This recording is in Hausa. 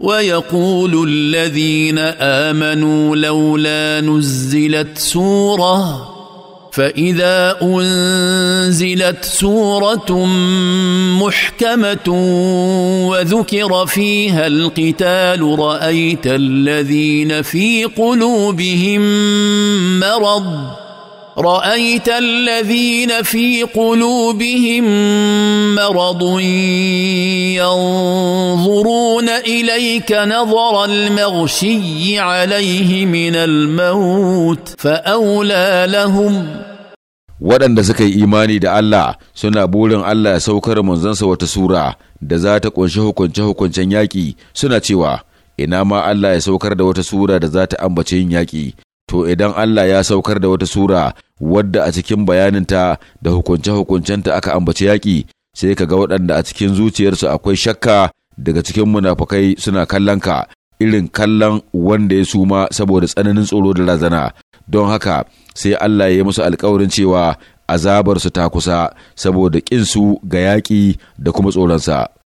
ويقول الذين امنوا لولا نزلت سوره فاذا انزلت سوره محكمه وذكر فيها القتال رايت الذين في قلوبهم مرض رايت الذين في قلوبهم مرض ينظرون ينظرون اليك نظر المغشي عليه من الموت فاولى لهم waɗanda suka yi imani da Allah suna burin Allah ya saukar manzansa wata sura da za ta ƙunshi hukunce-hukuncen yaƙi suna cewa ina ma Allah ya saukar da wata sura da za ta ambace yin yaƙi to idan Allah ya saukar da wata sura wadda a cikin bayaninta da hukunce-hukuncenta aka ambace yaƙi sai ka ga waɗanda a cikin zuciyarsu akwai shakka daga cikin munafukai suna kallon ka irin kallon wanda ya suma saboda tsananin tsoro da razana don haka sai Allah ya yi musu alkawarin cewa azabarsu ta kusa saboda ƙinsu ga yaƙi da kuma tsoronsa.